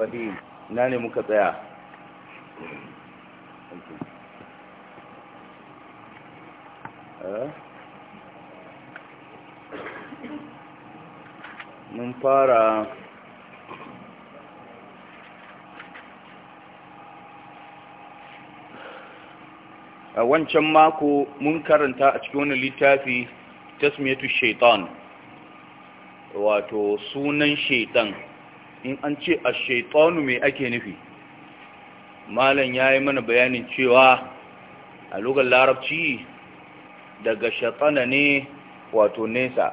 fahim na ne muka tsaya mun fara a wancan mako mun karanta a cikin wani littafi tasmiyatu shaitan wato sunan shaitan in an ce a shaitonu mai ake nufi malam ya yi mana bayanin cewa a lokacin larabci daga shatsana ne wato nesa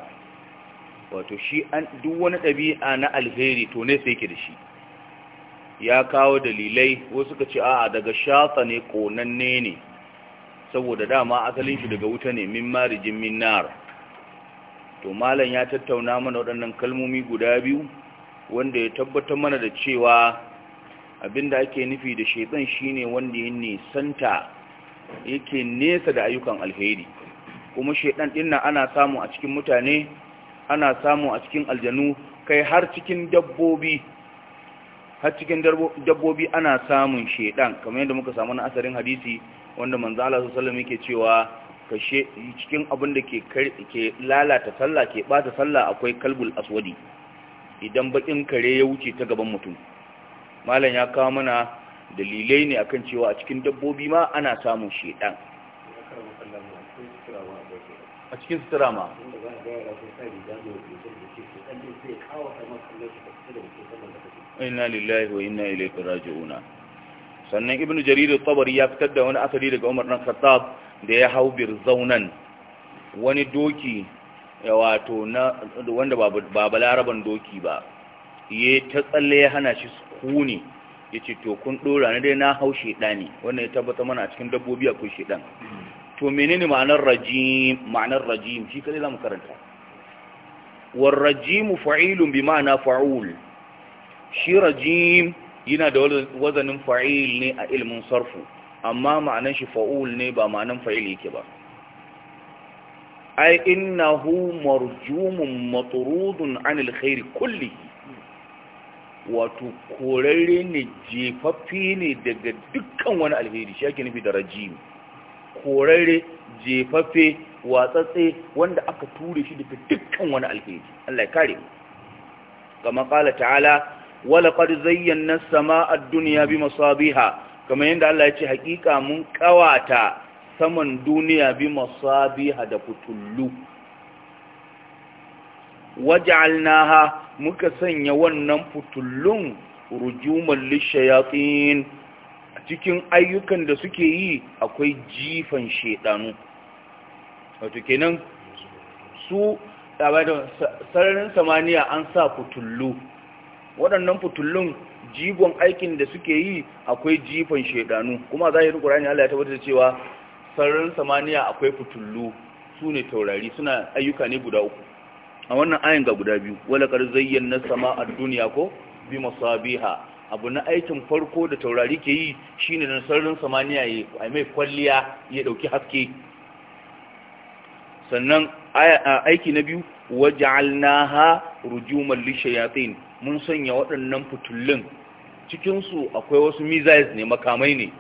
wato shi an duk wani ɗabi'a na alheri to nesa yake da shi ya kawo dalilai wasu ka ce a'a daga shatsa ne konanne ne saboda dama asalin shi daga wuta ne min marijin min to malam ya tattauna mana waɗannan kalmomi guda biyu wanda ya tabbatar mana da cewa abinda ake nufi da shaitan shine wanda ya nisanta yake nesa da ayyukan alheri kuma shaitan din ana samu a cikin mutane ana samu a cikin aljanu kai har cikin dabbobi har cikin dabbobi ana samun shaitan kamar yadda muka samu na asarin hadisi wanda manzo Allah sallallahu alaihi cewa kashe cikin abin da ke lalata sallah ke bata sallah akwai kalbul aswadi idan bakin kare ya wuce ta gaban mutum malam ya kawo mana dalilai ne akan cewa a cikin dabbobi ma ana samun shedan a cikin sutura ma inna lillahi wa inna ilaihi raji'una sannan ibnu jarir al tabari ya fitar da wani asali daga Umar dan Khattab da ya hau zaunan. wani doki wato na wanda ba laraban doki ba ya ta tsalle ya hana shi sukuni ya ce to kun dora na dai na hau shaidani wannan ya tabbata mana a cikin dabbobi akwai shaidan to menene ma'anar rajim ma'anar rajim shi kadai zamu karanta war rajimu fa'ilun bi ma'ana fa'ul shi rajim yana da wazanin fa'il ne a ilmin sarfu amma ma'anar shi fa'ul ne ba ma'anar fa'il yake ba ai innahu marjumun maturudun anil khairi kulli wato korarre ne jefaffe ne daga dukkan wani alheri shi ake nufi da rajim korarre jefaffe watsatse wanda aka ture shi daga dukkan wani alheri Allah ya kare kama kala ta'ala wala zayyana as sama ad-dunya bi masabiha kamar yadda Allah ya ce hakika mun kawata saman duniya bi masabiha da fitullu waj'alnaha muka sanya wannan fitullun rujuman lishayatin cikin ayyukan da suke yi akwai jifan shedanu wato kenan su sararin samaniya an sa fitullu waɗannan fitullun jigon aikin da suke yi akwai jifan shedanu kuma zahirin ƙur'ani Allah ya tabbatar cewa sararin samaniya akwai fitullu su ne taurari suna ayyuka ne guda uku a wannan ayin ga guda biyu walakar na sama a duniya ko bi masabiha abu na aikin farko da taurari ke yi shine na sararin samaniya ya yi mai kwalliya ya dauki haske sannan aiki na biyu waj'alnaha rujuman lishayatin mun sanya waɗannan fitullun cikinsu akwai wasu missiles ne makamai ne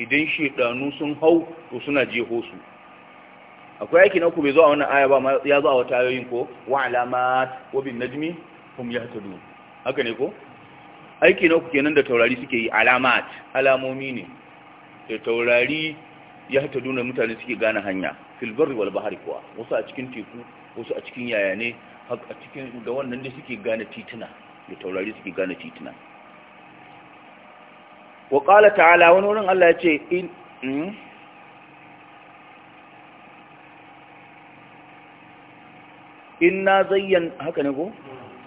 idan shedanu sun hau to suna jeho su akwai aiki na ku bai zo a wannan aya ba ya zo a wata ayoyin ko wa alamat wa bin najmi hum yahtadun haka ne ko aiki na ku kenan da taurari suke yi alamat alamomi ne da taurari ya hata duna mutane suke gane hanya Filbar wal bahari kuwa wasu a cikin teku wasu a cikin yayane a cikin da wannan da suke gane titina da taurari suke gane titina wa ƙala ta'ala wani wurin Allah ya ce in hmm? inna zayyan haka ne ko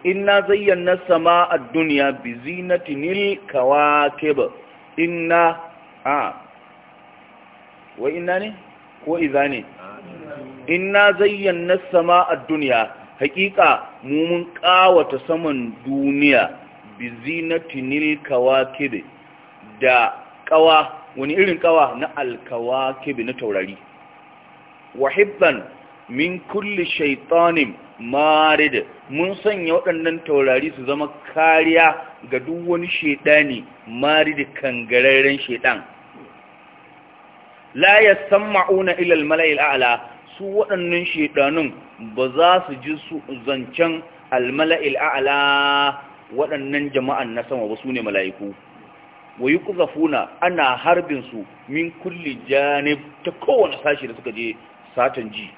inna na sama a duniya bi zinatinil kawakib inna a wa inna ne ko iza ne inna na sama a duniya hakika mumun kawata saman duniya bi zinatinil kawakib da kawa wani irin kawa na alkawakibi na taurari wahibban min kulli shaitanin marid mun sanya waɗannan taurari su zama kariya ga duk wani shaidani marid kangararren shaidan la yasamma'una ila ilal malail a'la su waɗannan shaiɗanun ba za su ji su zancen al-mala'il waɗannan jama'an na sama ba su ne mala'iku wa yi kuzafuna ana su min kulli janib ta kowane sashi da suka je satan ji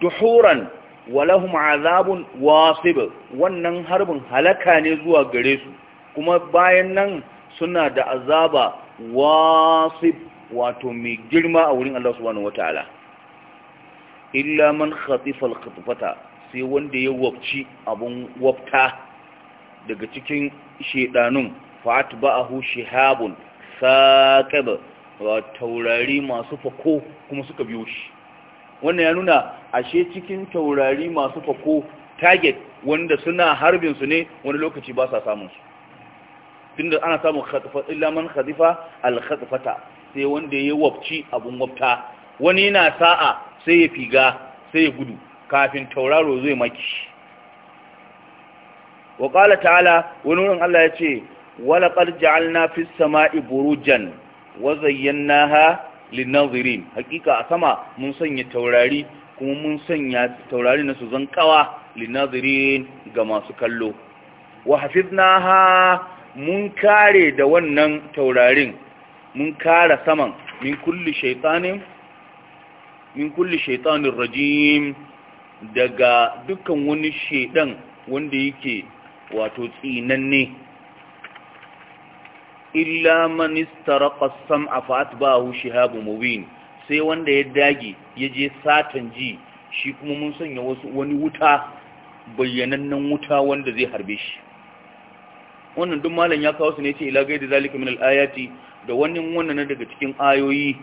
duhuran walahum azabun wasib wannan harbin halaka ne zuwa gare su kuma bayan nan suna da azaba wasib wato mai girma a wurin Allah subhanahu wataala illa man khatifa khatfata sai wanda ya wabci abun wabta daga cikin shedanun fatba'ahu hushe habun wa taurari masu fako kuma suka biyo shi wannan ya nuna ashe cikin taurari masu fako target wanda suna harbin su ne wani lokaci ba sa samun su tunda ana samun ilaman khazifa alkhazifata sai wanda ya wabci abun wabta wani yana sa'a sai ya figa sai ya gudu kafin tauraro zai maki wa ƙala ta'ala wani wurin Allah ya ce walaƙar na fi sama'i burujan wa na ha linnazirin hakika a sama mun sanya taurari kuma mun sanya taurari na su zankawa linnazirin ga masu kallo wa na ha mun kare da wannan taurarin mun kare saman min kulle shaitanin min kulli shaitanin rajim daga dukkan wani shedan wanda yake wato tsinanne illa man istaraqa sama fa atba'ahu shihabun mubin sai wanda ya dage ya je satan ji shi kuma mun sanya wasu wani wuta bayyanannen wuta wanda zai harbe shi wannan duk malam ya kawo su ne ce ila gaida zalika min al-ayati da wannan wannan daga cikin ayoyi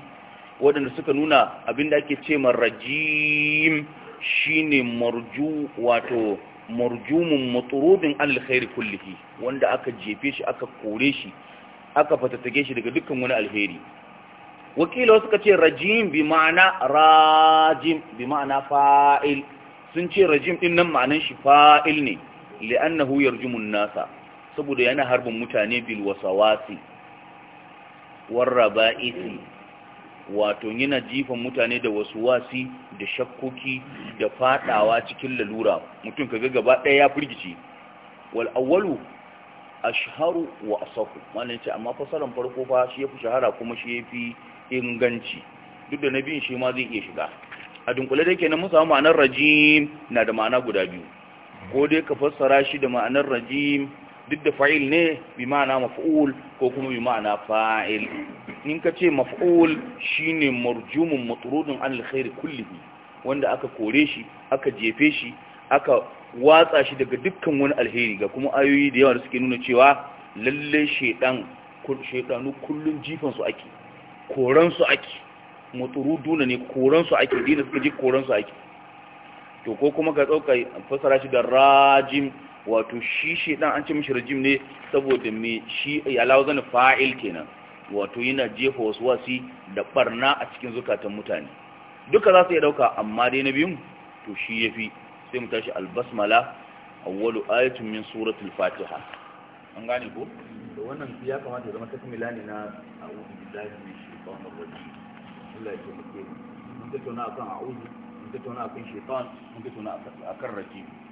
waɗanda suka nuna abinda ake ce rajim shine marju wato marjumun maturudin alkhairi kullihi wanda aka jefe shi aka kore shi aka fatattage shi daga dukkan wani alheri Wakilai suka ce rajim bi ma'ana rajim bi ma'ana fa'il sun ce rajim din nan ma'anan shi fa'il ne li'annahu yarjumun nasa saboda yana harbin mutane bil wasawasi warraba'isi wato yana jifan mutane da wasu wasi da shakkoki da fadawa cikin lalura mutum kaga gaba ɗaya ya firgici wal awwalu ashharu wa asahu mallan ce amma fasaran farko fa shi yafi shahara kuma shi yafi inganci duk da nabiyin shi ma zai iya shiga a dunkule da kenan mun ma'anar rajim na da ma'ana guda biyu ko dai ka fassara shi da ma'anar rajim duk da fa'il ne bi ma'ana maf'ul ko kuma bi ma'ana fa'il in ka ce maf'ul shine marjumun matrudun alkhairi kullihi wanda aka kore shi aka jefe shi aka watsa shi daga dukkan wani alheri ga kuma ayoyi da yawa da suke nuna cewa lalle shedan shedanu kullun jifan su ake koran ake matruduna ne koran su ake dina suka ji koran ake to ko kuma ka tsauka fasara shi da rajim wato shi shedan an ce mishi rajim ne saboda me shi ya zan fa'il kenan wato yana jefa wasu wasi da barna a cikin zukatan mutane duka za su iya dauka amma dai na biyun to shi yafi sai mu tashi albasmala awwalu ayatun min suratul fatiha an gane ko da wannan shi ya kamata ya zama ta takmila ne na a'udhu billahi minash shaitanir rajim Allah ya taimake mu mun tattauna akan a'udhu mun tattauna akan shaitan mun tattauna akan rajibi